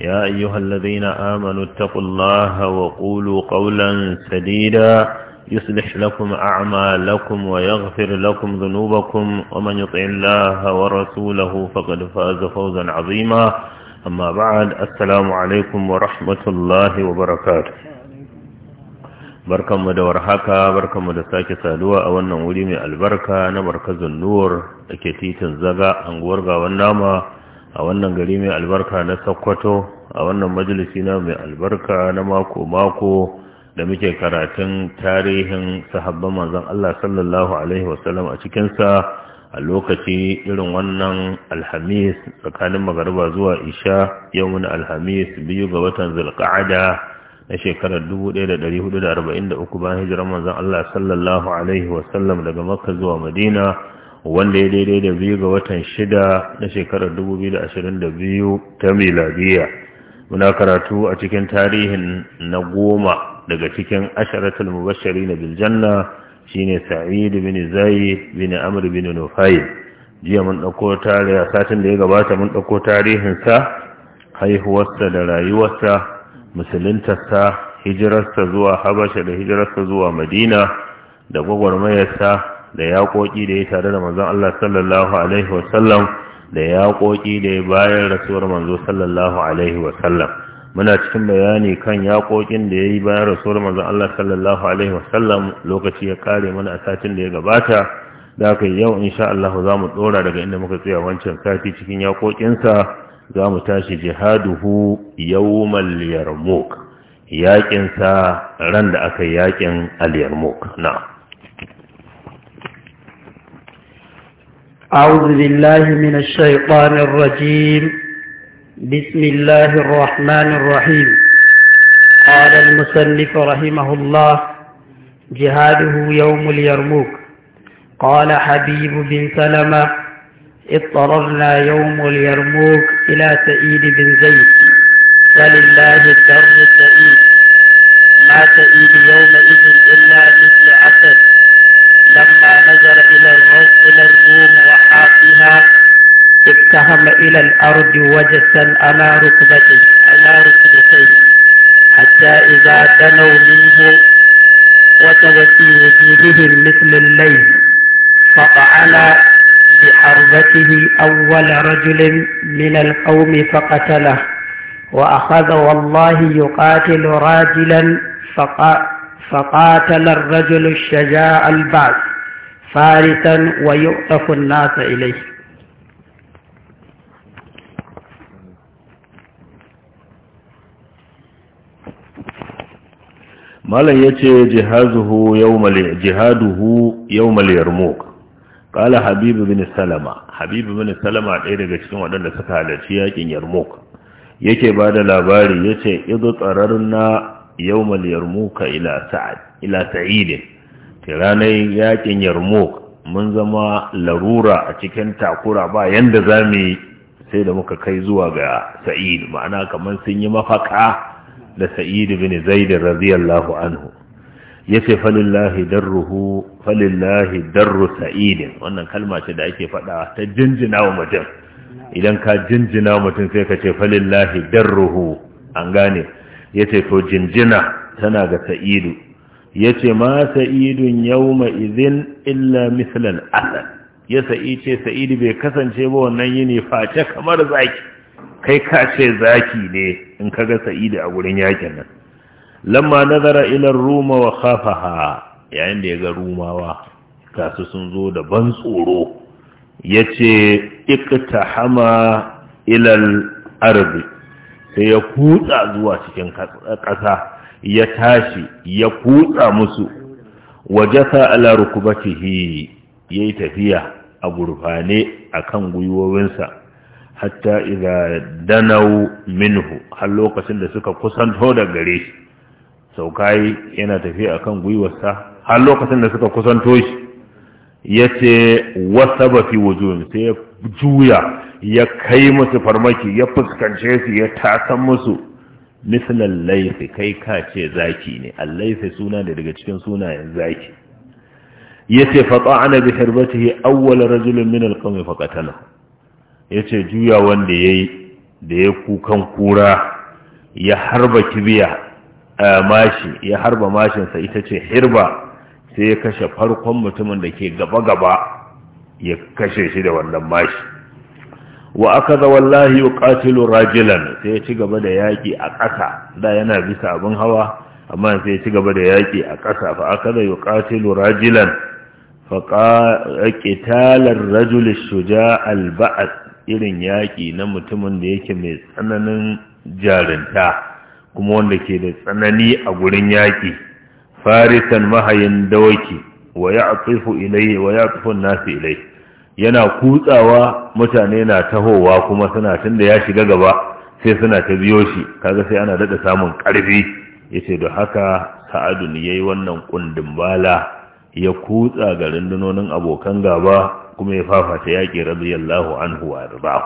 يا أيها الذين آمنوا اتقوا الله وقولوا قولا سديدا يصلح لكم أعمالكم ويغفر لكم ذنوبكم ومن يطع الله ورسوله فقد فاز فوزا عظيما أما بعد السلام عليكم ورحمة الله وبركاته barkanmu da warhaka barkanmu da sake saduwa a wannan wuri mai albarka na markazin nuwar da ke titin zaga anguwar gawan nama a wannan gari mai albarka na sakkwato a wannan majalisi na mai albarka na mako-mako da muke karatun tarihin sahabban manzon Allah sallallahu Alaihi wasallam a cikinsa a lokaci irin wannan alhamis tsakanin magariba zuwa isha yawon alhamis biyu ga watan zulka'ada na shekarar 1443 bayan hijirar manzon Allah sallallahu Alaihi wasallam daga makka zuwa madina wanda ya daidai da biyu ga watan shida na shekarar 2022 ta miladiya muna karatu a cikin tarihin na goma daga cikin asharatul mubashari na biljanna shine sa'id bin Zayi, bin amr bin nufail jiya mun dauko tarihi satin da ya gabata mun ɗauko tarihin sa haihuwarsa da rayuwarsa musuluntarsa hijirarsa zuwa habasha da hijirarsa zuwa madina da gwagwarmayarsa da yaƙoƙi da ya tare da manzon Allah sallallahu alaihi wasallam da yaƙoƙi da ya bayan rasuwar manzo sallallahu alaihi wasallam muna cikin bayani kan yaƙoƙin da ya yi bayan rasuwar manzon Allah sallallahu alaihi wasallam lokaci ya ƙare mana a satin da ya gabata da aka yau sha Allah za mu ɗora daga inda muka tsaya wancan sati cikin yaƙoƙinsa za mu tashi jihaduhu yawmal yarmuk yaƙinsa ran da aka yaƙin al yarmuk na'am أعوذ بالله من الشيطان الرجيم بسم الله الرحمن الرحيم قال المسلف رحمه الله جهاده يوم اليرموك قال حبيب بن سلمة اضطررنا يوم اليرموك إلى سئيد بن زيد ولله الدر سعيد ما سئيد يومئذ إلا مثل عسل لما نزل إلى الروم وحاطها اتهم إلى الأرض وجسا على ركبتي على ركبتيه حتى إذا دنوا منه وجد في وجوههم مثل الليل فقعل بحربته أول رجل من القوم فقتله وأخذ والله يقاتل راجلا فقال فقاتل الرجل الشجاع البعث فارسا ويؤتف الناس إليه malam ya ce jihaduhu yau maliyarmuk ƙala habibu bin salama habibu bin salama ɗaya daga cikin waɗanda suka halarci yakin yarmuk yake bada labari ya ce idu tsararna yawmal yarmuka ila sa'ad ila ranar yakin yarmuk mun zama larura a cikin takura ba yanda zamu yi sai da muka kai zuwa ga sa'id ma'ana kamar sun yi mafaka da sa'id bin zaid radiyallahu anhu yace falillahi darruhu falillahi darru sa'id wannan kalma ce da ake faɗa ta jinjina wa mutum idan ka jinjina mutum sai ka ce falillahi darruhu an gane yace to jinjina tana ga sa'idu yace ma sa'idun yawma idhin illa mithlan asad ya sa'i ce sa'idu bai kasance ba wannan yini face kamar zaki kai ka ce zaki ne in ka ga sa'idu a gurin yakin nan lamma nazara ila ruma wa khafaha yayin da ya ga rumawa su sun zo da ban tsoro yace iqtahama ila al-ardi sai ya kutsa zuwa cikin ƙasa ya tashi ya kutsa musu waje wajasa ala rukubatihi yayi tafiya a gurfane akan gwiwowinsa hatta idza danau minhu har lokacin da suka kusanto da gare shi saukai yana tafiya akan gwiwarsa har lokacin da suka kusanto shi ya ce wasaba fi wujuhin sai ya juya ya kai musu farmaki ya fuskance su ya tasan musu mislan laifi kai ka ce zaki ne allaifi suna da daga cikin sunayen zaki ya ce faɗa ana bi harbatihi awwal rajulun min alqawmi faqatala ya ce juya wanda yayi da ya kukan kura ya harba kibiya eh, mashi ya harba mashinsa ita ce hirba sai ya kashe farkon mutumin da ke gaba-gaba ya kashe shi da wannan mashi wa aka za wallahi ƙatilu rajilan sai ya ci gaba da yaƙi a ƙasa da yana bisa abin hawa amma sai ya ci gaba da yaƙi a ƙasa fa aka za ya ƙatilu rajilan fa ƙitalar rajul shuja alba'ad irin yaƙi na mutumin da yake mai tsananin jarinta kuma wanda ke da tsanani a gurin yaƙi farisan mahayin dawaki wa ya'tifu ilai wa ya'tifu ilai yana kutsawa mutane na tahowa kuma suna tunda ya shiga gaba sai suna ta biyo shi kaga sai ana daɗa samun karfi ce da haka sa'adun yayi wannan kundin bala ya kutsa ga rundunonin abokan gaba kuma ya fafata yaki radiyallahu anhu wa rida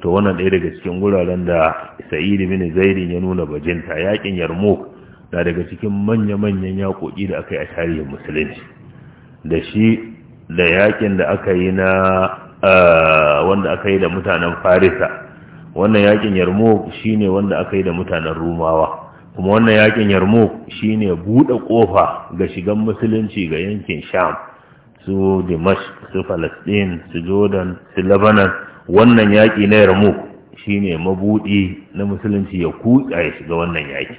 to wannan ɗaya daga cikin guraren da Sa'id bin Zaid ya nuna bajinta yaƙin Yarmouk na daga cikin manya-manyan yaƙoƙi da aka yi a tarihin musulunci da shi da yaƙin da aka yi na wanda aka yi da mutanen farisa wannan yaƙin yarmouk shine wanda aka yi da mutanen rumawa kuma wannan yaƙin yarmouk shine buɗe ƙofa ga shigan musulunci ga yankin sham su dimash su falasɗin su jordan su lebanon wannan yaƙi na yarmouk shine mabuɗi na musulunci ya kuɗa ya shiga wannan yaƙi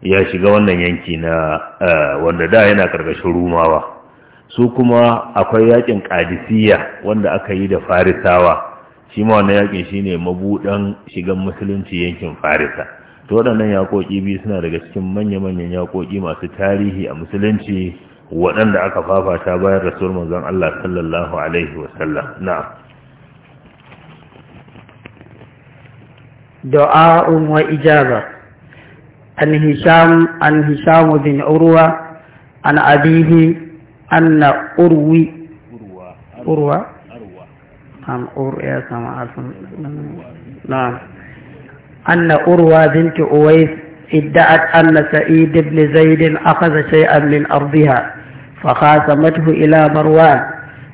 ya shiga wannan yanki na eh, wanda da yana karkashin rumawa su kuma akwai yakin kadisiya wanda aka yi da farisawa shi ma wannan yakin shine mabudan shigan musulunci yankin farisa to waɗannan yakoki biyu suna daga cikin manya-manyan yakoki masu tarihi a musulunci waɗanda aka fafata bayan rasuwar manzon Allah sallallahu alaihi wasallam na'am du'a wa ijaba عن هشام عن هشام بن عروة عن أبيه أن أروي أروى نعم أروى نعم أن أروى بنت أويس ادعت أن سعيد بن زيد أخذ شيئا من أرضها فخاصمته إلى مروان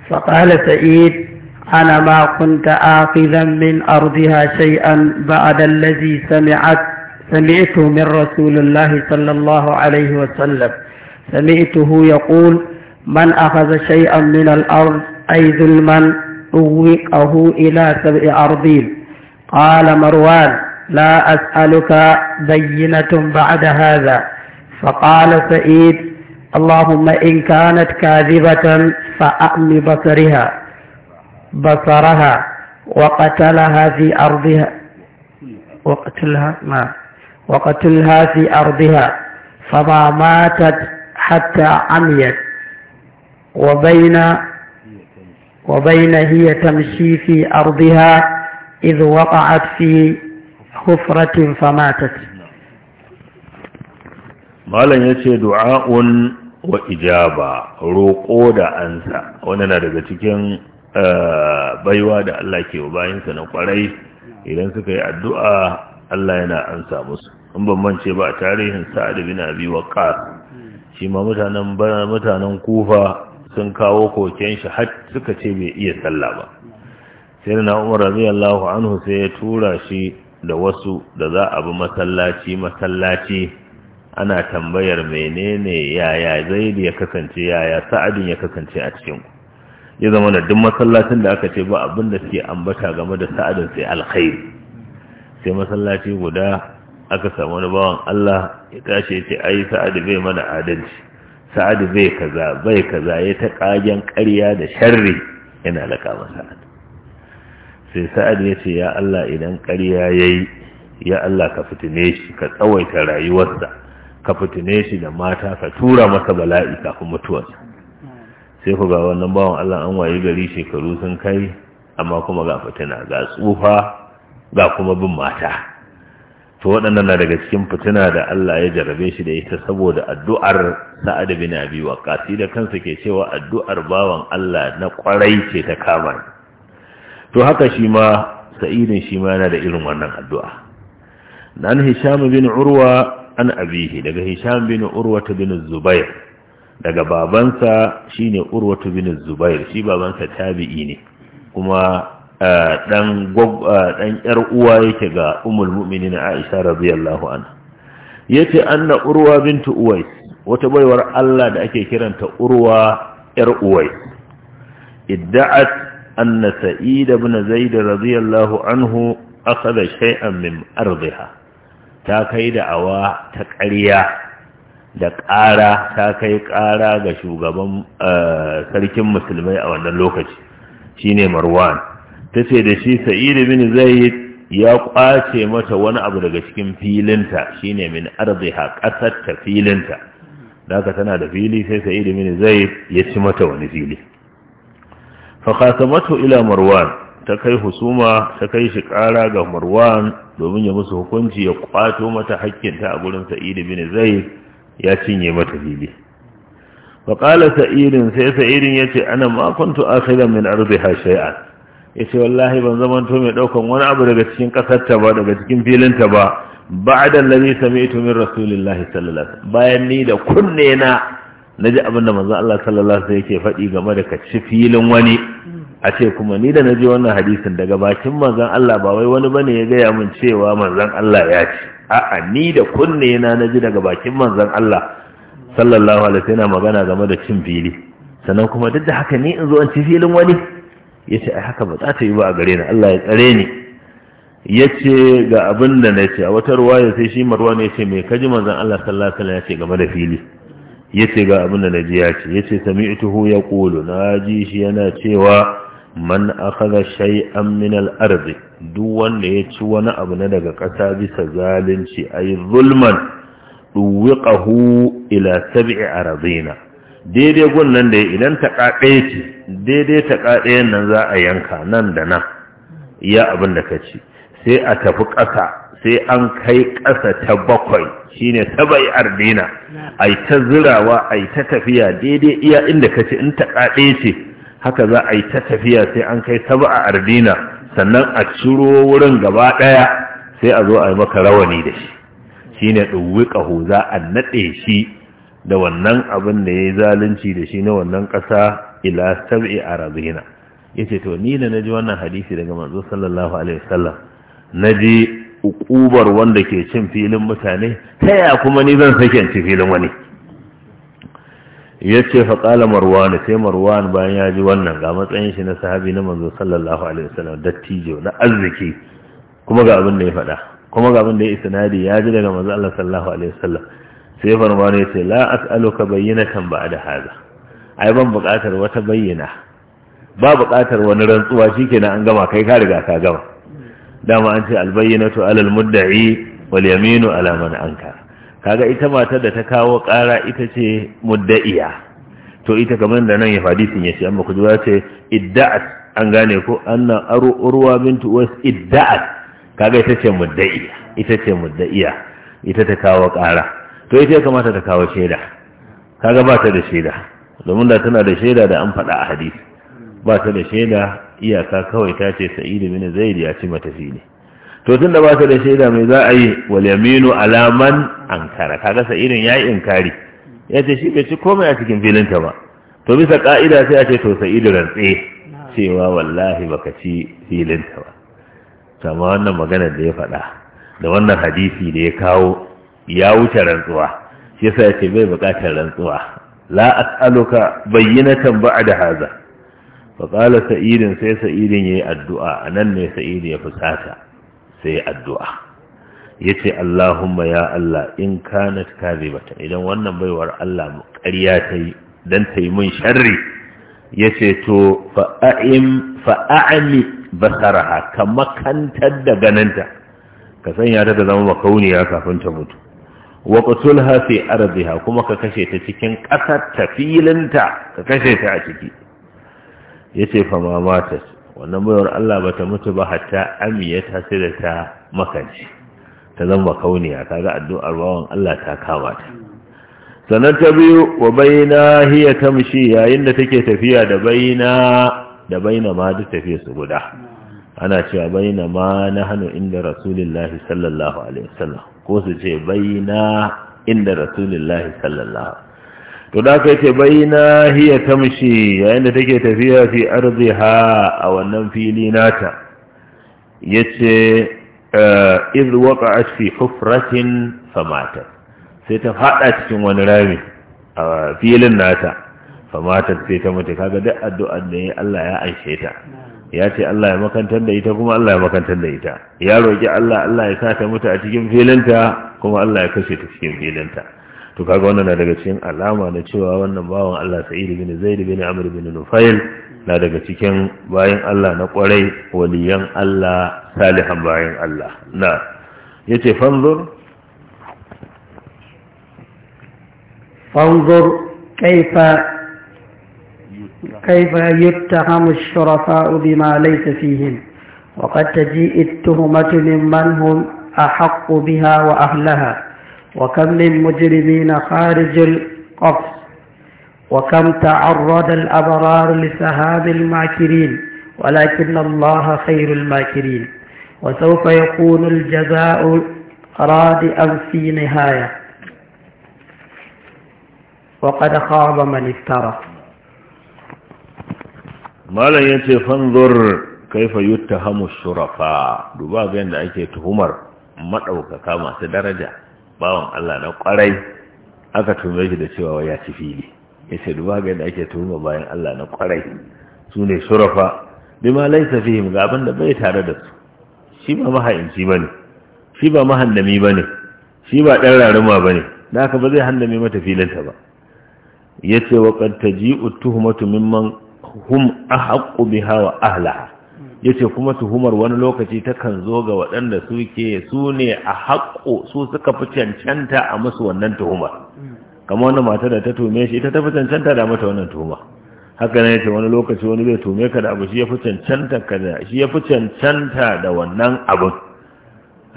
فقال سعيد أنا ما كنت آخذا من أرضها شيئا بعد الذي سمعت سمعت من رسول الله صلى الله عليه وسلم سمعته يقول من أخذ شيئا من الأرض أي ظلما أوقه إلى سبع أرضين قال مروان لا أسألك بينة بعد هذا فقال سعيد اللهم إن كانت كاذبة فأم بصرها بصرها وقتلها في أرضها وقتلها ما وقتلها في أرضها فما ماتت حتى عميت وبين وبين هي تمشي في أرضها إذ وقعت في حفرة فماتت malam ya ce du'a'un wa ijaba roƙo da ansa wani na daga cikin baiwa da Allah ke bayansa na kwarai idan suka yi addu'a Allah yana ansa musu in bambance ba a tarihin sa'ad bin abi waqqas shi ma mutanen mutanen kufa sun kawo koken shi har suka ce bai iya sallah ba sai na umar radiyallahu anhu sai ya tura shi da wasu da za a bi masallaci masallaci ana tambayar menene yaya zaid ya kasance yaya sa'adin ya kasance a cikin ku ya zama da duk masallacin da aka ce ba abin da suke ambata game da sa'adin sai alkhairi sai masallaci guda aka samu wani bawan Allah ya tashi ya ce ai sa'adu bai mana adalci sa'adu bai kaza bai kaza ya ta kajen ƙarya da sharri yana laka masa sai sa'adu ya ce ya Allah idan ƙarya yi, ya Allah ka fitine shi ka tsawaita rayuwarsa ka fitine shi da mata ka tura masa bala'i kafin mutuwarsa sai ku ga wannan bawan Allah an wayi gari shekaru sun kai amma kuma ga fitina ga tsufa ga kuma bin mata to waɗannan na daga cikin fitina da Allah ya jarabe shi da ita saboda addu'ar Sa'ad bin Abi Waqqas da kansa ke cewa addu'ar bawan Allah na kwarai ce ta kama to haka shi ma sa'idin shi ma yana da irin wannan addu'a nan Hisham bin Urwa an abihi daga Hisham bin Urwa ta bin Zubair daga babansa shine ta bin Zubair shi babansa tabi'i ne kuma dan dan yar uwa yake ga umul mu'minin Aisha radiyallahu anha yace anna urwa bintu uwais wata baiwar Allah da ake kiranta urwa yar uwais idda'at anna sa'id ibn zaid radiyallahu anhu akhadha shay'an min ardiha ta kai da awa ta ƙarya da ƙara ta kai ƙara ga shugaban sarkin musulmai a wannan lokaci shine marwan ta ce da shi sa'iri bin zaid ya kwace mata wani abu daga cikin filinta shine min ha ƙasar ta filinta da aka tana da fili sai sa'idu bin zaid ya ci mata wani fili fa khasamatu ila marwan ta kai husuma ta kai shi ƙara ga marwan domin ya musu hukunci ya kwato mata hakkinta a gurin sa'idu bin zaid ya cinye mata fili fa sairin sa'idun sai sa'idun yace ana ma kuntu akhidan min arziha shay'an ya ce wallahi ban zaman to mai ɗaukan wani abu daga cikin ƙasarta ba daga cikin filinta ba ba a dallami sami ito min rasulillahi sallallahu bayan ni da kunne na na ji abin da Allah sallallahu alaihi yake faɗi game da ka ci filin wani a ce kuma ni da na ji wannan hadisin daga bakin manzon Allah ba wai wani bane ya gaya min cewa manzon Allah ya ce a'a ni da kunne na na ji daga bakin manzon Allah sallallahu alaihi wasallam magana game da cin fili sannan kuma duk da haka ni in zo in ci filin wani ya ce a haka ba za ta yi ba a gare ni Allah ya tsare ni ya ce ga abin da na ce a wata ya sai shi marwa ne ce mai kaji manzan Allah sallallahu alaihi wasallam ya ce game da fili ya ce ga abin da na ji ya ce ya ce ituhu ya kulu na ji shi yana cewa man akhadha shay'an min al-ardi duk wanda ya ci wani abu na daga ƙasa bisa zalunci ay zulman duwiqahu ila sab'i aradina daidai gun nan da idan ta ɗaya ce daidai ta ɗayan nan za a yanka nan da nan iya abin da ka ci sai a tafi ƙasa sai an kai ƙasa ta bakwai shine ta bai ardina a ta zirawa a ta tafiya daidai iya inda ka ce in ta ɗaya ce haka za a yi ta tafiya sai an kai ta ba a ardina sannan a ciro wurin gaba ɗaya sai a zo a yi maka rawani da shi shine ɗuwwi ƙaho za a naɗe shi da wannan abin da ya yi zalunci da shi na wannan ƙasa ila sab'i a arazina ya ce to ni da na ji wannan hadisi daga manzo sallallahu alaihi wasallam na ji ukubar wanda ke cin filin mutane ta ya kuma ni zan sake cin filin wani ya ce faƙala marwan sai marwan bayan ya ji wannan ga matsayin shi na sahabi na manzo sallallahu alaihi wasallam dattijo na arziki kuma ga abin da ya faɗa kuma ga abin da ya isnadi ya ji daga manzo Allah sallallahu alaihi wasallam sai farmano ya ce la as'aluka bayyinatan ba'da hada ai ban buƙatar wata bayyana ba buƙatar wani rantsuwa shikenan an gama kai ka riga ka gama dama an ce albayyinatu alal mudda'i wal yaminu ala man anka kaga ita matar da ta kawo ƙara ita ce mudda'iya to ita kamar da nan ya hadisin ya ce amma ku ji ce idda'at an gane ko anna aru urwa bintu was idda'at kaga ita ce mudda'iya ita ce mudda'iya ita ta kawo ƙara to ita ya kamata ta kawo shaida kaga ba ta da shaida domin da tana da shaida da an faɗa a hadisi ba ta da shaida iyaka kawai ta ce sa'idu bin zaid ya ci mata fili to da ba ta da shaida mai za a yi wal yaminu alaman ankara kaga sa'idun yayi inkari ya ce shi bai ci komai a cikin filin ta ba to bisa ka'ida sai a ce to sa'idu rantse cewa wallahi baka ci filinta ba sama wannan maganar da ya faɗa da wannan hadisi da ya kawo ya wuce rantsuwa shi yasa ce bai bukatar rantsuwa la as'aluka bayyinatan ba'da hadha fa qala sa'idin sai sa'idin yayi addu'a anan ne sa'idi ya fusata sai addu'a yace Allahumma ya Allah in kanat kadhibata idan wannan baiwar Allah ƙarya ta dan ta yi mun sharri yace to fa a'im fa a'mi basaraha kamakantar da ganinta. ka sanya ta da zama makauniya kafin ta mutu wa qutulha fi ardiha kuma ka kashe ta cikin ƙasar ta filinta ka kashe ta a ciki yace fa mamatas wannan bayar Allah bata mutu ba hatta ta sai da ta makanci ta zama kauniya kaga addu'ar bawan Allah ta kama ta sannan ta biyu wa baina hiya tamshi yayin da take tafiya da baina da baina ma duk tafiya su guda ana cewa baina ma nahnu inda rasulillahi sallallahu alaihi sallam, ko su ce baina inda rasulillahi sallallahu to da kai ce na hiya tamshi yayin da take tafiya fi ardiha a wannan fili nata yace eh, iz waqa'at fi hufratin famata sai ta fada cikin wani rami a filin nata famata sai ta mutu kaga duk addu'ar da Allah ya aishe ta ya ce Allah ya makantar da ita kuma Allah ya makantar da ita ya roƙi Allah Allah ya sa ta mutu a cikin filinta kuma Allah ya kashe ta cikin filinta to kaga wannan na daga cikin alama na cewa wannan bawan Allah Sa'idu bin Zaid bin Amr bin Nufail na daga cikin bayan Allah na kwarai waliyan Allah salihan bayan Allah na yace fanzur fanzur kaifa كيف يتهم الشرفاء بما ليس فيهم وقد تجيء التهمة ممن هم أحق بها وأهلها وكم من مجرمين خارج القفص وكم تعرض الأبرار لسهاب الماكرين ولكن الله خير الماكرين وسوف يكون الجزاء رادئا في نهاية وقد خاب من افترى malam ya ce fanzur kaifa hamu shurafa duba ga yadda ake tuhumar maɗaukaka masu daraja bawan Allah na ƙwarai aka tuhume shi da cewa ya ci fili ya ce duba ga yadda ake tuhumar bayan Allah na ƙwarai su ne shurafa bima laisa fihim ga abin da bai tare da su shi ba maha'imci ba ne shi ba mahandami ba ne shi ba ɗan raruma ba ne da haka ba zai handami mata filinta ba ya ce wa ƙartaji utuhumatu mimman hum ahaqqu biha wa ahlaha yace kuma tuhumar wani lokaci takan zo ga waɗanda suke su ne a haƙƙo su suka fi cancanta a musu wannan tuhumar kama wani mata da ta tume shi ita ta fi cancanta da mata wannan tuhuma haka ne yace wani lokaci wani zai tume ka da abu shi ya fi cancanta ka da shi ya fi cancanta da wannan abun.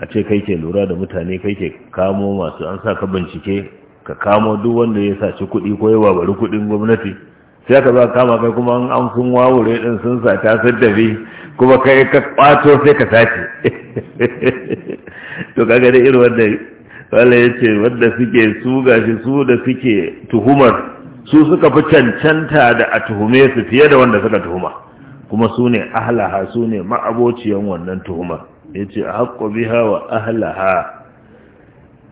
a ce kai ke lura da mutane kai ke kamo masu an sa ka bincike ka kamo duk wanda ya saci kuɗi ko ya wabari kuɗin gwamnati sai ka zo kama kai kuma an sun wawure din sun sa ta dabi kuma kai ka kwato sai ka sace to kaga da irin wanda wala yace wanda suke su gashi su da suke tuhumar su suka fi cancanta da a tuhume su fiye da wanda suka tuhuma kuma su ne ahlaha su ne ma'abociyan wannan tuhumar yace haqqu biha wa ahlaha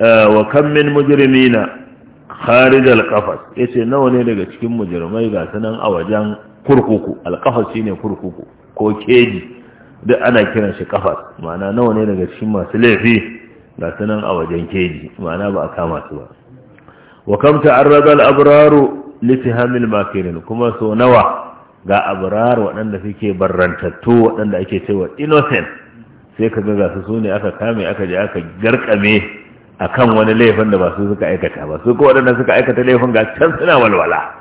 uh, wa kam min mujrimina kharij al-qafas yace nawa ne daga cikin mujrimai ga sanan a wajen kurkuku al shine kurkuku ko keji duk ana kiran shi qafas ma'ana nawa ne daga cikin masu laifi ga sanan a wajen keji ma'ana ba a kama su ba wa kam ta'arrada al-abraru li al makirin kuma so nawa ga abrar waɗanda suke barrantattu waɗanda ake cewa innocent sai ka ga su sune aka kame aka je aka garkame akan wani laifin da ba su suka aikata ba su ko waɗanda suka aikata laifin ga can suna walwala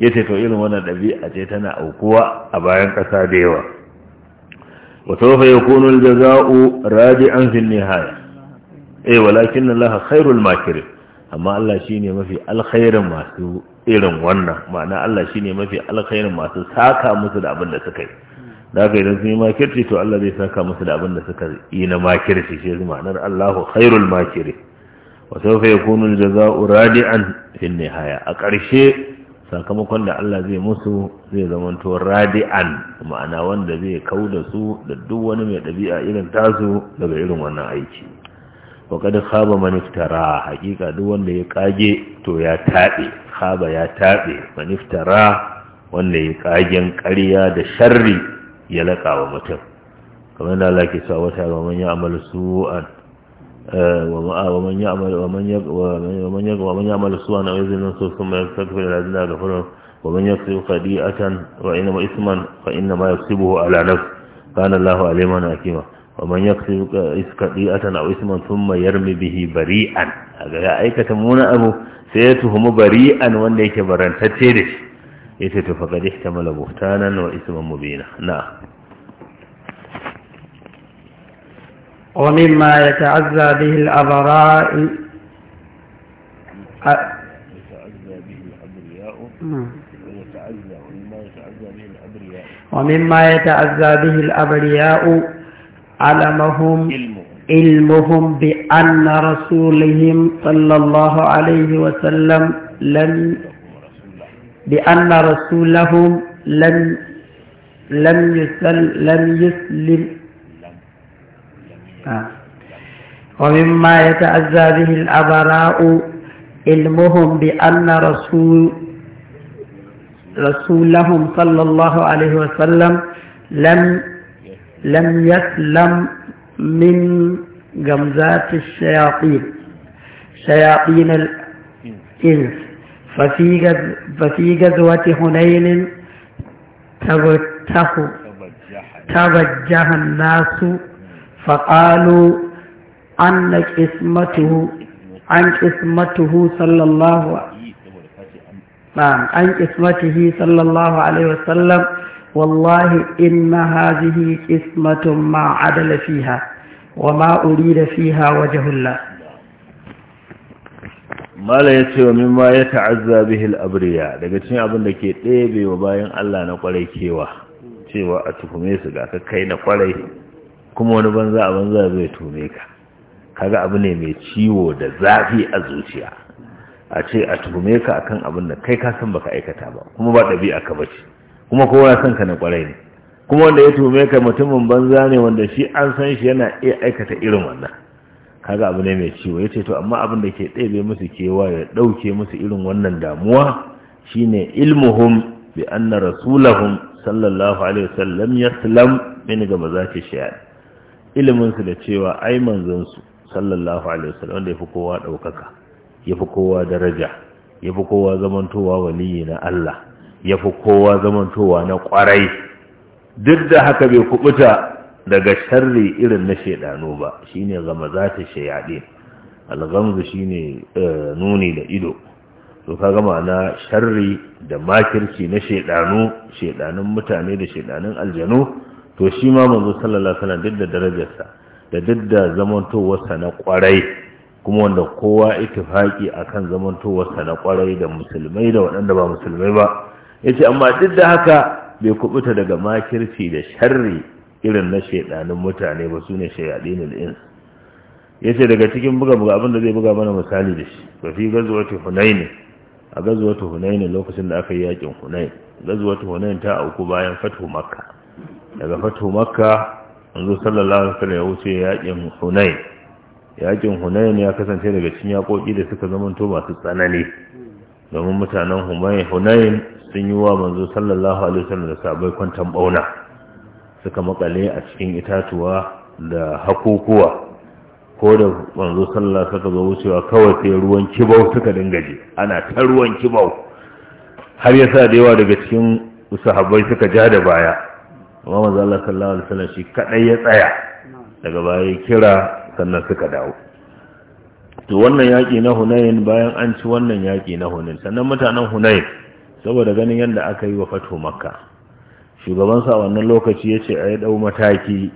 ya ce to irin wannan ɗabi'a ce tana aukuwa a bayan ƙasa da yawa wa sawfa yakunu al raji an fil nihaya eh walakin Allah khairul makirin amma Allah shine mafi alkhairin masu irin wannan ma'ana Allah shine mafi alkhairin masu saka musu da abin da suka yi da aka idan sun yi makirci to Allah zai saka musu da abin da suka yi na makirci shi ma'anar Allahu khairul makiri wasu fa yakunu aljaza'u radi'an ne haya. a ƙarshe sakamakon da Allah zai musu zai zamanto radi'an ma'ana wanda zai kauda su da duk wani mai ɗabi'a irin tasu daga irin wannan aiki wa kad khaba man iftara hakika duk wanda ya kage to ya tabe khaba ya tabe man iftara wanda ya kagen ƙarya da sharri ya laka wa mutum kamar da Allah ke sa wata ga man ya amalu su'an ومن يعمل سوءا او يزن نفسه ثم يستغفر الله غفر وجل ومن يكسب خطيئه وانما اثما فانما يكسبه على نفسه كان الله عليما حكيما ومن يكسب خطيئه او اثما ثم يرمي به بريئا اذا ايكته من ابو سيتهم بريئا وأن يكبرا تتيرش يتفقد احتمال بهتانا واثما مبينا نعم ومما يتعزى به الأبراء يتعزى به الأبرياء نعم. ويتعزى ومما يتعزى به الأبرياء ومما يتعزى به الأبرياء علمهم علمهم بأن رسولهم صلى الله عليه وسلم لم بأن رسولهم لم لم يسلم لم يسلم آه. ومما يتأذى به الأبراء علمهم بأن رسول رسولهم صلى الله عليه وسلم لم لم يسلم من غمزات الشياطين شياطين الإنس ففي غزوة هنين تبجح الناس faƙalu an na ƙismatuhu an ƙismatuhu sallallahu an ƙismatuhu sallallahu alaihi wasallam wallahi inna hazihi ƙismatun ma adala fiha wa ma urida fiha wajhullah mala ya ce wa mimma ya ta'azza bihil abriya daga cikin abin da ke ɗebe bayan Allah na kwarai kewa cewa a tuhume su ga kai na kwarai kuma wani banza a banza zai tume ka kaga abu ne mai ciwo da zafi a zuciya a ce a tume ka akan abin da kai ka san baka aikata ba kuma ba ɗabi'a ka bace kuma kowa ya san ka na kwarai ne kuma wanda ya tume ka mutumin banza ne wanda shi an san shi yana iya aikata irin wannan kaga abu ne mai ciwo yace to amma abin da ke ɗebe musu kewa ya ɗauke musu irin wannan damuwa shine ilmuhum bi anna rasulahum sallallahu alaihi wasallam yaslam min gamazati shaytan iliminsu da cewa ai manzansu sallallahu alaihi wasallam wanda yafi kowa daukaka yafi kowa daraja yafi kowa zamantowa waliyi na Allah ya fi kowa zamantowa na kwarai duk da haka bai kubuta daga sharri irin na shedano ba shine zata shayadin alghamzu shine eh, nuni da ido to kaga na sharri da makirci na shedanu shedanun mutane da shedanun aljanu to shi ma manzo sallallahu alaihi wasallam duk da darajarsa da duk da zamantowarsa na kwarai kuma wanda kowa ittifaki akan zamantowarsa na kwarai da musulmai da waɗanda ba musulmai ba yace amma duk da haka bai kubuta daga makirci da sharri irin na shedanin mutane ba sune shayadinul ins yace daga cikin buga buga abin zai buga mana misali da shi ba fi gazwatu hunain a gazwatu hunain lokacin da aka yi yakin hunain gazwatu hunain ta auku bayan fathu makka daga fatu makka Wanzu sallallahu alaihi wasallam ya wuce yakin hunain yakin hunain ya kasance daga cikin yakoki da suka zamanto masu tsanani domin mutanen humain hunain sun yi wa manzo sallallahu alaihi wasallam da sabai kwantan bauna suka makale a cikin itatuwa da hakukuwa ko da manzo sallallahu alaihi wasallam wucewa kawai sai ruwan kibau suka dinga ji ana ta ruwan kibau har yasa da yawa daga cikin sahabbai suka ja da baya amma manzo Allah sallallahu alaihi wasallam shi kadai ya tsaya daga baya kira sannan suka dawo to wannan yaki na hunayen bayan an ci wannan yaki na Hunayn sannan mutanen hunayen saboda ganin yadda aka yi wa fatu Makka shugaban sa wannan lokaci yace yi dau mataki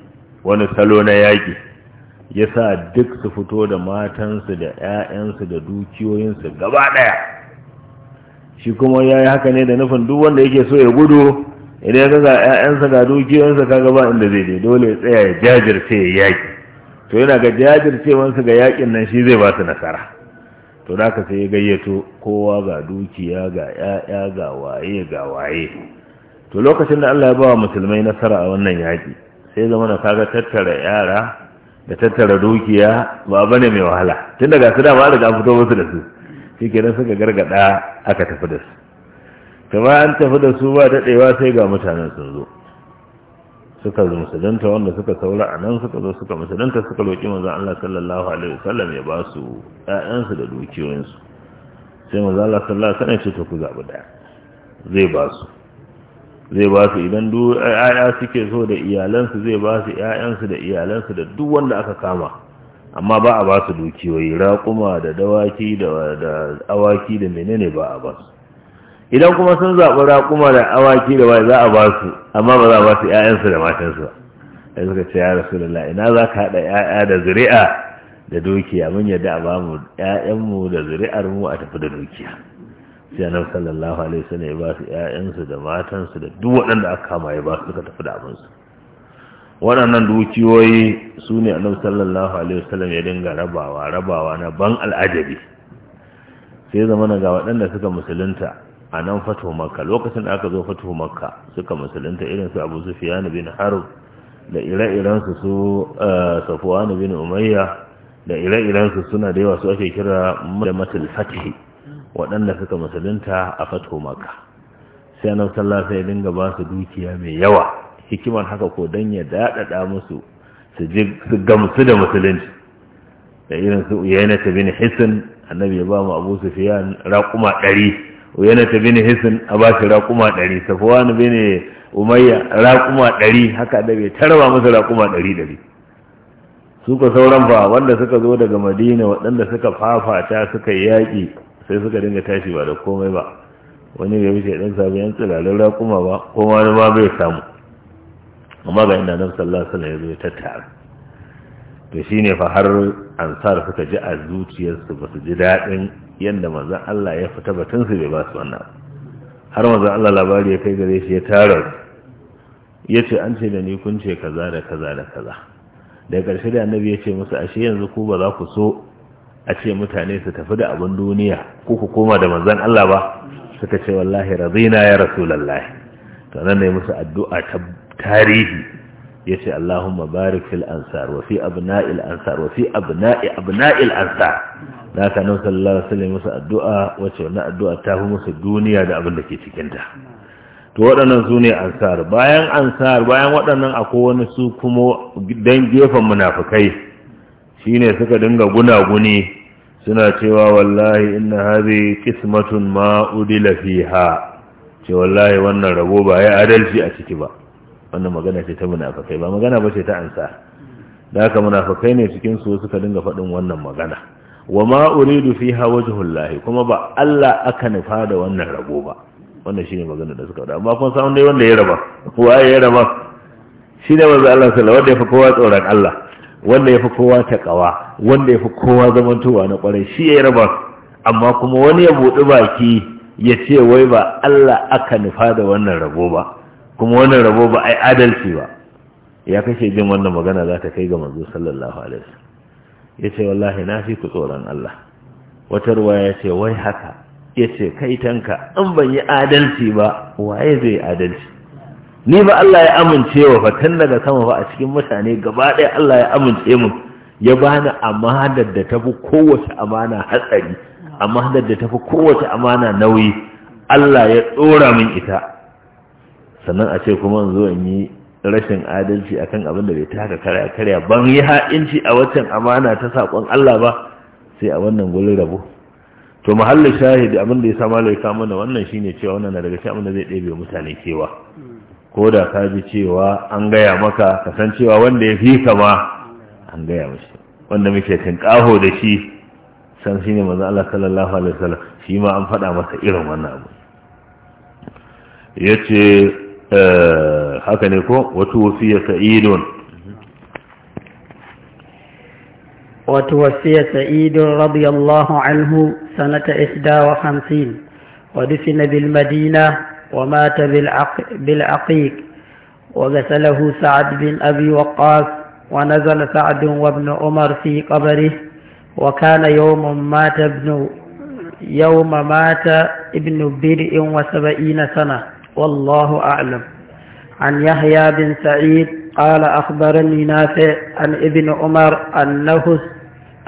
wani salo na yaki ya sa duk su fito da matansu da yayansu da dukiyoyinsu gaba daya shi kuma yayi haka ne da nufin duk wanda yake so ya gudu idan ka ga ƴaƴansa ga dukiyarsa kaga ba inda zai je dole ya tsaya ya jajirce ya yaki to yana ga jajircewansa ga yaƙin nan shi zai ba su nasara to da ka sai ya gayyato kowa ga dukiya ga ƴaƴa ga waye ga waye to lokacin da Allah ya ba wa musulmai nasara a wannan yaki sai zama na kaga tattara yara da tattara dukiya ba bane mai wahala Tunda daga su dama an riga fito musu da su shi kenan suka gargaɗa aka tafi da su kama an tafi da su ba daɗewa sai ga mutanen sun zo suka zo musulunta wanda suka saura a nan suka zo suka musulunta suka roƙi maza Allah sallallahu alaihi wasallam ya ba su ƴaƴansu da dukiyoyinsu sai maza Allah sallallahu alaihi wasallam ya ce to ku zaɓi ɗaya zai ba su zai ba su idan duk ƴaƴa suke so da iyalansu zai ba su ƴaƴansu da iyalansu da duk wanda aka kama amma ba a ba su dukiyoyi raƙuma da dawaki da awaki da menene ba a ba su idan kuma sun zaɓi raƙuma da awaki da wai za a ba su amma ba za a ba su ‘ya'yansu da matansu ba sai suka ce ya rasu ina za ka haɗa ‘ya'ya da zuri'a da dukiya mun yadda a ba mu ‘ya'yanmu da mu a tafi da dukiya sai annabi sallallahu alaihi sallam ya ba su ‘ya'yansu da matansu da duk waɗanda aka kama ya ba su suka tafi da abinsu waɗannan dukiyoyi su ne annabi sallallahu alaihi wasallam ya dinga rabawa rabawa na ban al'ajabi sai zama ga waɗanda suka musulunta a nan fato makka lokacin da aka zo fato makka suka musulunta irin su abu sufiyan bin harb da ire-iren su su eh, bin umayya da ire-iren su suna da yawa su ake kira da matul fatih waɗanda suka musulunta a fato makka sai nan sallah sai dinga ba su dukiya mai yawa hikimar haka ko dan ya dadada musu su ji su gamsu da musulunci da irin su da bin hisan annabi ya ba mu abu sufiyan raquma 100 yana ta bin hisin a ba shi raƙuma ɗari na bin umayya raƙuma ɗari haka da bai tarwa masa raƙuma ɗari ɗari su ka sauran fa wanda suka zo daga madina waɗanda suka fafata suka yaƙi sai suka dinga tashi ba da komai ba wani bai wuce ɗan sami yan tsilalin raƙuma ba ko ma ma bai samu amma ga inda nan sallallahu alaihi ya zo ya tattara to shine fa har ansar suka ji a zuciyarsu ba su ji daɗin yadda manzan Allah ya fita batunsu bai ba su wannan har manzan Allah labari ya kai gare shi ya tara ya ce an ce da ni kun ce kaza da kaza da kaza da ƙarshe da annabi ya ce musu ashe yanzu ku ba za ku so a ce mutane su tafi da abin duniya ko ku koma da manzan Allah ba suka ce wallahi razina ya rasulallahi to nan ne musu addu'a ta tarihi ya ce Allahumma barik fil ansar wa fi abna'il ansar wa fi abna'i abna'il ansar na ka nan sallallahu alaihi wasallam musu addu'a wacce wannan addu'a ta fi musu duniya da abin da ke cikin ta to waɗannan su ne ansar bayan ansar bayan waɗannan akwai wani su kuma dan gefen munafikai shine suka dinga gunaguni suna cewa wallahi inna hadhi qismatun ma udila fiha ce wallahi wannan rabo ba ya adalci a ciki ba wannan magana ce ta munafakai ba magana ba ce ta ansa da haka munafakai ne cikin su suka dinga faɗin wannan magana wa ma uridu fiha wajhullahi kuma ba Allah aka nufa da wannan rabo ba wannan shine magana da suka da amma kun san dai wanda ya raba kowa ya raba shi da wanda Allah sallallahu alaihi wasallam wanda ya fi kowa tsoron Allah wanda ya fi kowa kawa wanda ya fi kowa zamantowa na kwarai shi ya raba amma kuma wani ya buɗi baki ya ce wai ba Allah aka nufa da wannan rabo ba kuma wannan rabo ba ai adalci ba ya kashe jin wannan magana za ta kai ga manzo sallallahu alaihi wasallam yace wallahi na fi ku tsoron Allah wata ya ce wai haka yace kai tanka in ban yi adalci ba waye zai adalci ni ba Allah ya amince wa tun daga sama ba a cikin mutane gaba ɗaya Allah ya amince mu ya bani amanar da tafi kowace amana hatsari amanar da tafi kowace amana nauyi Allah ya tsora min ita sannan a ce kuma zo in yi rashin adalci a kan abin da bai taka karya karya ban yi ha'inci a waccan amana ta saƙon Allah ba sai a wannan gurin rabo to mahallin shahidi abin da ya sa malai ka mana wannan shine cewa wannan daga shi abin da zai ɗebe mutane cewa ko da ka ji cewa an gaya maka kasancewa wanda ya fi ka an gaya mashi wanda muke tinkaho da shi san shine maza Allah sallallahu alaihi wasallam shi ma an faɗa masa irin wannan abu yace haka ne ko watuwasiya sa'idun وتوفي سعيد رضي الله عنه سنة إحدى وخمسين ودفن بالمدينة ومات بالعق بالعقيق وغسله سعد بن أبي وقاص ونزل سعد وابن عمر في قبره وكان يوم مات ابن يوم مات ابن برء وسبعين سنة والله أعلم عن يحيى بن سعيد قال أخبرني نافع عن ابن عمر أنه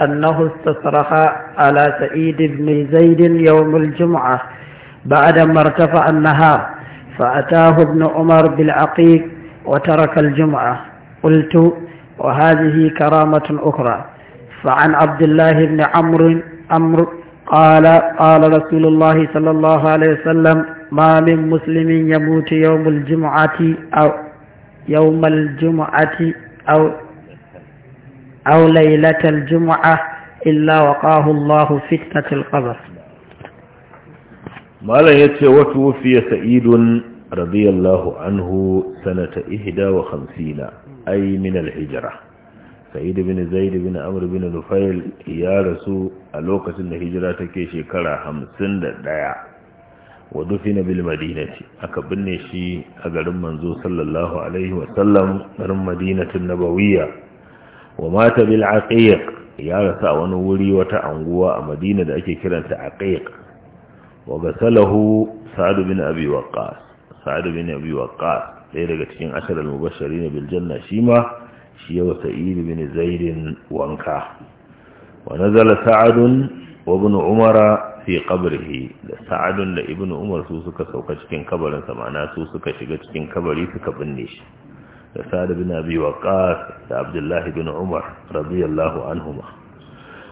أنه استصرخ على سعيد بن زيد يوم الجمعة بعدما ارتفع النهار فأتاه ابن عمر بالعقيق وترك الجمعة قلت وهذه كرامة أخرى فعن عبد الله بن عمرو عمرو قال قال رسول الله صلى الله عليه وسلم ما من مسلم يموت يوم الجمعة أو يوم الجمعة أو أو ليلة الجمعة إلا وقاه الله فتنة القبر ما لا وتوفي في سعيد رضي الله عنه سنة إهدى وخمسين أي من الهجرة sa'id bin zaid bin amr bin nufail ya rasu a lokacin da hijira take shekara 51 wa dufina bil madinati aka binne shi a garin manzo sallallahu alaihi wa sallam garin madinatin nabawiyya wa mata bil aqiq ya rasu a wani wuri wata anguwa a madina da ake kiranta aqiq wa gasalahu sa'd bin abi waqqas sa'd bin abi waqqas ɗaya daga cikin asharar mubashirin bil janna shima shi yawa sa'id bin zaidin wanka wa nazala sa'adun wa ibn umara fi qabrihi da sa'adun da ibn umar su suka sauka cikin kabarin sa ma'ana su suka shiga cikin kabari suka binne shi da sa'ad bin abi waqas da abdullahi bin umar radiyallahu anhuma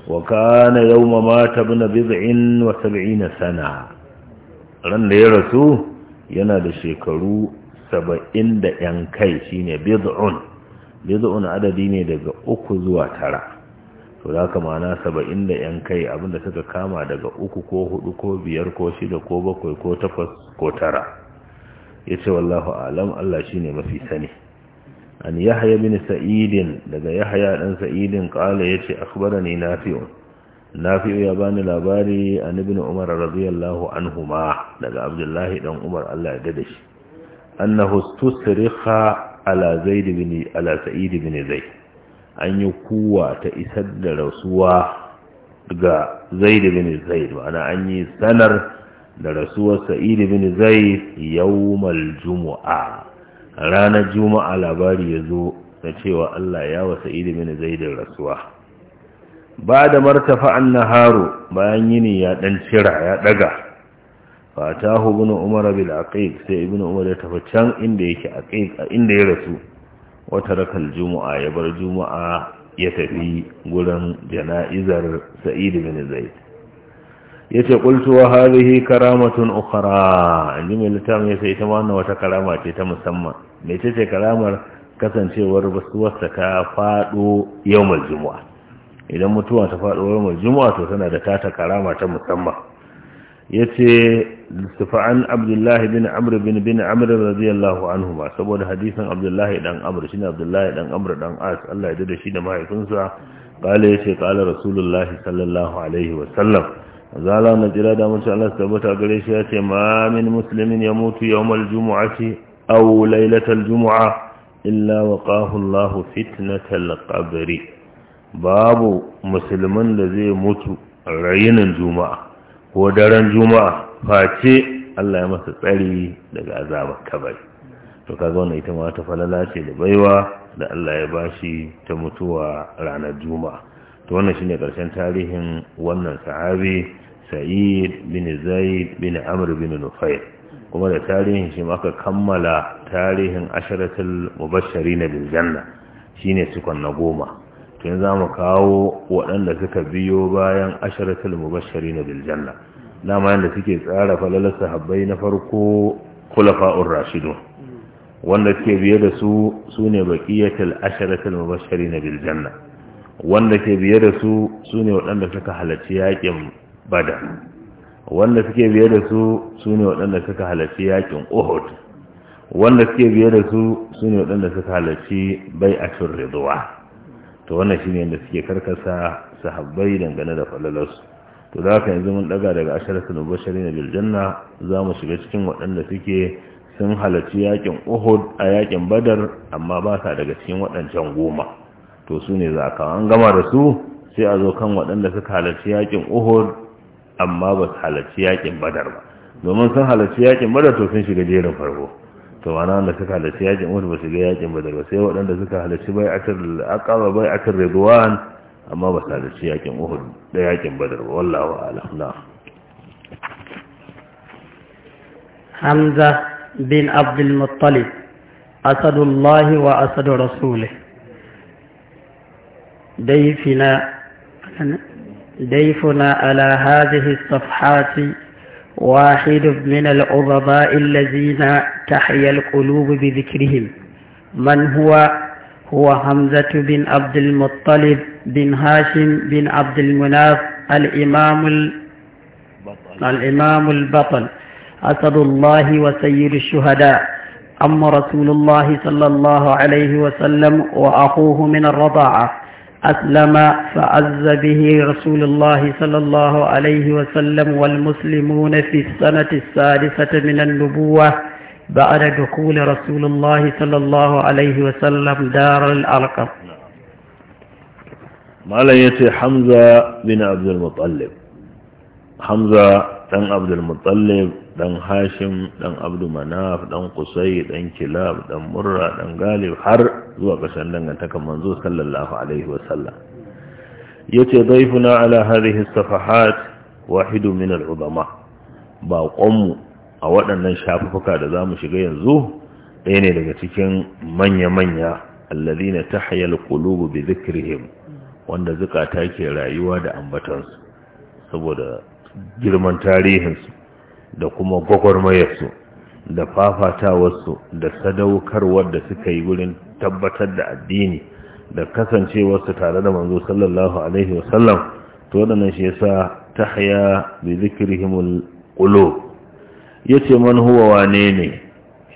wa kana yawma mata ibn bid'in wa 70 sana ran da ya rasu yana da shekaru 70 da yan kai shine bid'un un adadi ne daga uku zuwa tara to da haka ma'ana saba'in da yan kai abinda suka kama daga uku ko hudu ko biyar ko shida ko bakwai ko takwas ko tara ya ce wallahu alam Allah shi ne mafi sani an yahaya bin sa'idin daga yahya ɗan sa'idin kala ya ce ne nafi'un nafi'u ya bani labari a nibin umar radiyallahu anhuma daga abdullahi ɗan umar Allah ya dade shi annahu tusriha ala zaid bin ala sa'id bin zaid an yi kuwa ta isar da rasuwa ga zaid bin zaid ana an yi sanar da rasuwar sa'id bin zaid yawmal jumu'a ranar juma'a labari ya zo cewa Allah ya wa sa'id bin zaid rasuwa ba da martafa Annaharu bayan yini ya dan cira ya daga fatahu ibn umar bil aqiq sai ibn umar ya tafi can inda yake aqiq inda ya rasu wata rakal juma'a ya bar juma'a ya tafi gurin jana'izar sa'id bin zaid yace qultu wa hadhihi karamatun ukhra inji mai littafin yace ita ma wannan wata karama ce ta musamman me ce ce karamar kasancewar basuwarsa ta fado mai juma'a idan mutuwa ta fado mai juma'a to tana da tata karama ta musamman yace sufa'an abdullahi bin amr bin bin amr radiyallahu anhu ma saboda hadisin abdullahi dan amr shine abdullahi dan amr dan as Allah ya dade shi da mahaifinsa kale yace kala rasulullahi sallallahu alaihi wa sallam zala na jira da mutum Allah tabbata gare shi yace ma min muslimin yamutu yawmal jumu'ati aw laylatal jumu'a illa waqahu Allahu fitnatal qabri babu musulmin da zai mutu rayinin juma'a ko daren juma'a face Allah ya masa tsari daga azabar kabari to kaga wannan ita ma ta falala ce da baiwa da Allah ya bashi ta mutuwa ranar juma'a to wannan shine karshen tarihin wannan sahabi Sa'id bin Zaid bin Amr bin Nufayl kuma da tarihin shi ka kammala tarihin asharatul mubashirin bil janna shine sukan na goma tun za mu kawo waɗanda suka biyo bayan asharatul mubashari na biljanna dama yadda suke tsara falalar sahabbai na farko kulafa'ur rashidu wanda suke biye da su su ne baƙiyatul asharatul mubashari na biljanna wanda ke biye da su su ne waɗanda suka halarci yaƙin bada wanda suke biye da su su ne waɗanda suka halarci yaƙin uhud wanda suke biye da su su ne waɗanda suka halarci bai'atul ridwa to wannan shine yadda suke karkasa sahabbai dangane da falalarsu to da haka yanzu mun daga daga asharatul mubashirin bil janna za mu shiga cikin waɗanda suke sun halarci yakin Uhud a yakin Badar amma ba sa daga cikin waɗancan goma to su ne za ka an gama da su sai a zo kan waɗanda suka halarci yakin Uhud amma ba su halarci yakin Badar ba domin sun halarci yakin Badar to sun shiga jerin farko to ana wanda suka halarci yakin uhud ba su ga yakin badar ba sai waɗanda suka halarci bai atul aqaba bai atul ridwan amma ba su halarci yakin uhud da yakin badar ba wallahu a'lam na hamza bin abdul muttalib asadullah wa asad rasulih dayfina dayfuna ala hadhihi as-safhati واحد من العظماء الذين تحيا القلوب بذكرهم من هو هو حمزة بن عبد المطلب بن هاشم بن عبد المناف الإمام البطل الإمام البطل أسد الله وسيد الشهداء أما رسول الله صلى الله عليه وسلم وأخوه من الرضاعة أسلم فعز به رسول الله صلى الله عليه وسلم والمسلمون في السنة السادسة من النبوة بعد دخول رسول الله صلى الله عليه وسلم دار الأرقم malam حمزة بن عبد المطلب حمزة بن عبد المطلب dan hashim dan abdu manaf dan kusai dan kilab dan murra dan galib har zuwa ƙarshen dangantakan manzo sallallahu alaihi wasallam yace daifuna ala hadhihi safahat wahidu min al-udama baqonmu a waɗannan shafuka da zamu shiga yanzu ɗaya ne daga cikin manya-manya alladhina tahya al-qulubu bi dhikrihim wanda zukata ke rayuwa da ambatansu saboda girman tarihinsu da kuma gwagwarmayarsu da fafatawarsu da sadaukarwar da suka yi wurin tabbatar da addini da kasancewarsu tare da manzo sallallahu alaihi wasallam to wadannan shi yasa tahya bi zikrihimul qulub yace man huwa wane ne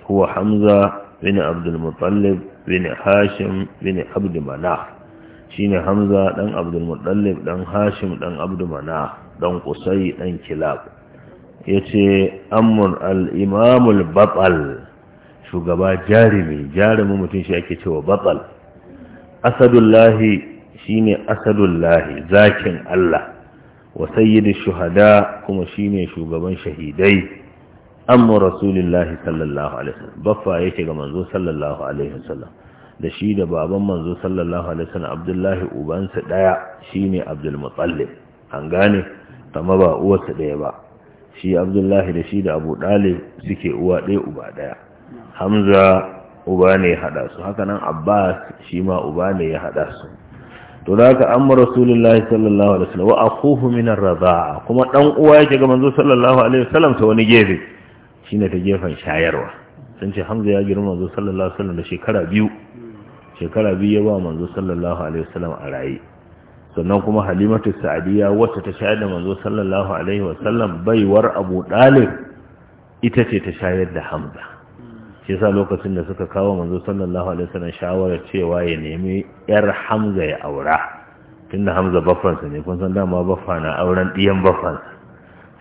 huwa hamza bin abdul muttalib bin hashim bin abd manaf shine hamza dan abdul muttalib dan hashim dan abd manaf dan qusay dan kilab ya ce amur al'imamul batsal shugaba jarumi jarumi mutum shi ake cewa batsal asadullahi shi ne asadullahi zakin Allah wa sayyidi shuhada kuma shi ne shugaban shahidai amma rasulullahi sallallahu alaihi wasallam baffa yake ga manzo sallallahu alaihi wasallam da shi da baban manzo sallallahu alaihi wasallam abdullahi ubansa daya shine abdul muttalib an gane amma ba uwarsa daya ba shi abdullahi da shi da abu ɗalib suke uwa ɗaya uba ɗaya hamza uba ne ya haɗa su haka nan abbas shi ma uba ne ya haɗa su to da haka an Rasulillah sallallahu alaihi wasallam wa akhuhu min ar-radha'a kuma dan uwa yake ga manzo sallallahu alaihi wasallam ta wani gefe shine ta gefen shayarwa sun ce hamza ya girma manzo sallallahu alaihi wasallam da shekara biyu shekara biyu ya ba manzo sallallahu alaihi wasallam a raye sannan kuma halimatu sa'adiyya wacce ta shayar da manzo sallallahu alaihi wasallam baiwar abu dalib ita ce ta shayar da hamza shi yasa lokacin da suka kawo manzo sallallahu alaihi wasallam shawarar cewa ya nemi yar hamza ya aura tunda hamza baffansa ne kun san dama baffa na auren diyan baffansa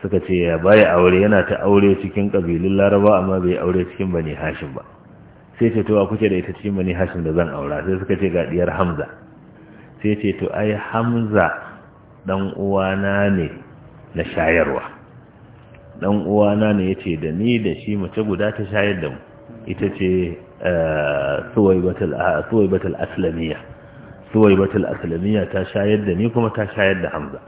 suka ce ya baya aure yana ta aure cikin kabilun laraba amma bai aure cikin bani hashim ba sai ce to kuke da ita cikin bani hashim da zan aura sai suka ce ga ɗiyar hamza sai ce to ai hamza dan uwana ne na shayarwa dan uwana ne yace da ni da shi mace guda ta shayar da mu ita ce eh, ah, suwaibatul aslamiya suwaibatul aslamiya ta shayar da ni kuma ta shayar da hamza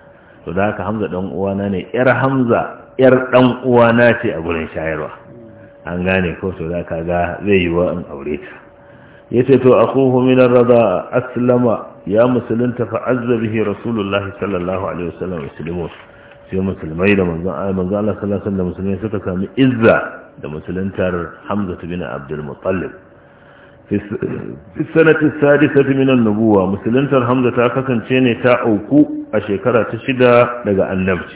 to da haka hamza dan uwana ne yar hamza yar dan uwana ce a gurin shayarwa an gane ko to da ka ga zai yi wa in aure ta ya ce to akuhu minar rada aslama ya musulunta fa azza bihi rasulullahi sallallahu alaihi wasallam muslimun sai musulmai da manzon Allah manzon Allah sallallahu alaihi wasallam musulmai suka sami izza da musuluntar Hamza bin Abdul Muttalib fi sanati sadisati min an-nubuwa musuluntar Hamza ta kasance ne ta auku a shekara ta shida daga annabci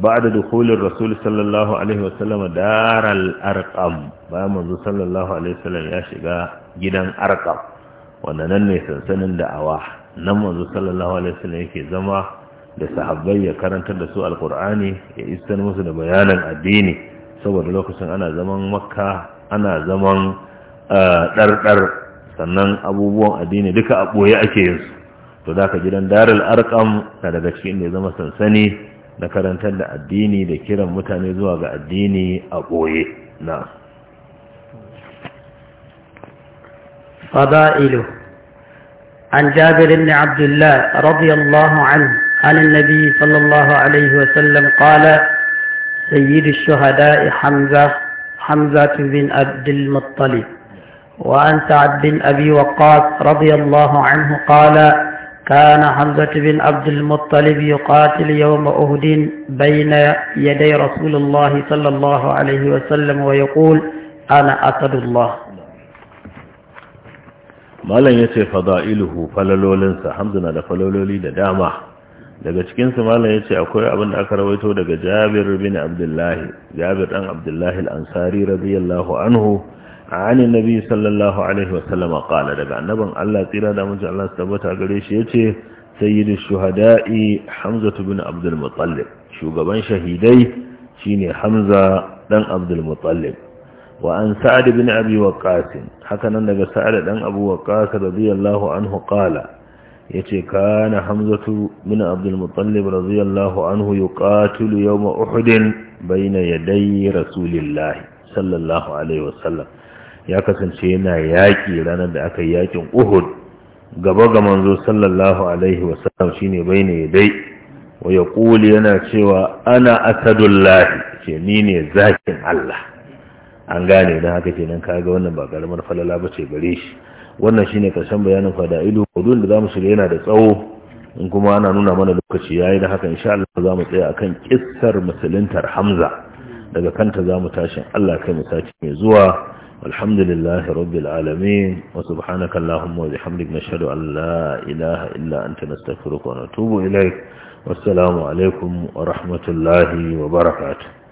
ba'da dukhulin rasul sallallahu alaihi wasallam daral arqam bayan manzon sallallahu alaihi wasallam ya shiga gidan arkam wanda nan ne sansanin da'awa nan manzo sallallahu alaihi wasallam yake zama da sahabbai ya karantar da su alkur'ani ya isar musu da bayanan addini saboda lokacin ana zaman makka ana zaman eh, ɗarɗar sannan abubuwan addini duka a ɓoye ake yin su to da ka gidan darul arkam na daga cikin ne zama sansani na karantar da addini da kiran mutane zuwa ga addini a ɓoye na فضائله عن جابر بن عبد الله رضي الله عنه عن النبي صلى الله عليه وسلم قال سيد الشهداء حمزة حمزة بن عبد المطلب وعن سعد بن أبي وقاص رضي الله عنه قال كان حمزة بن عبد المطلب يقاتل يوم أهد بين يدي رسول الله صلى الله عليه وسلم ويقول أنا أسد الله malam ya ce fada'iluhu falalolinsa hamza na da falaloli da dama daga cikinsu malam ya ce akwai abin da aka rawaito daga jabir bin abdullahi jabir ɗan abdullahi al'ansari radiyallahu anhu a hannun nabi sallallahu alaihi wasallama ƙala daga annabin allah tsira da mace allah su tabbata gare shi ya ce sayyidu shuhada'i hamzatu bin abdul shugaban shahidai shine hamza ɗan abdul wa an sa'ad bin abi waqqas hakanan daga sa'ad dan abu waqqas radiyallahu anhu qala yace kana hamzatu bin abdul muttalib radiyallahu anhu yuqatilu yawm uhud bayna yaday rasulillah sallallahu alaihi wasallam ya kasance yana yaki ranar da aka yakin uhud gaba ga manzo sallallahu alaihi wasallam shine bayna yaday wa yaqulu yana cewa ana asadullahi ce ni ne zakin Allah an gane don haka kenan kaga wannan ba karamar falala ba ce gare shi wannan shine karshen bayanin fada'ilu hudun da zamu shirya yana da tsawo in kuma ana nuna mana lokaci yayi da haka insha Allah zamu tsaya akan kissar musuluntar Hamza daga kanta zamu tashi Allah kai mu mai zuwa alhamdulillahi rabbil alamin wa subhanaka allahumma wa bihamdika nashhadu an la ilaha illa anta nastaghfiruka wa natubu ilaik wassalamu wa rahmatullahi wa barakatuh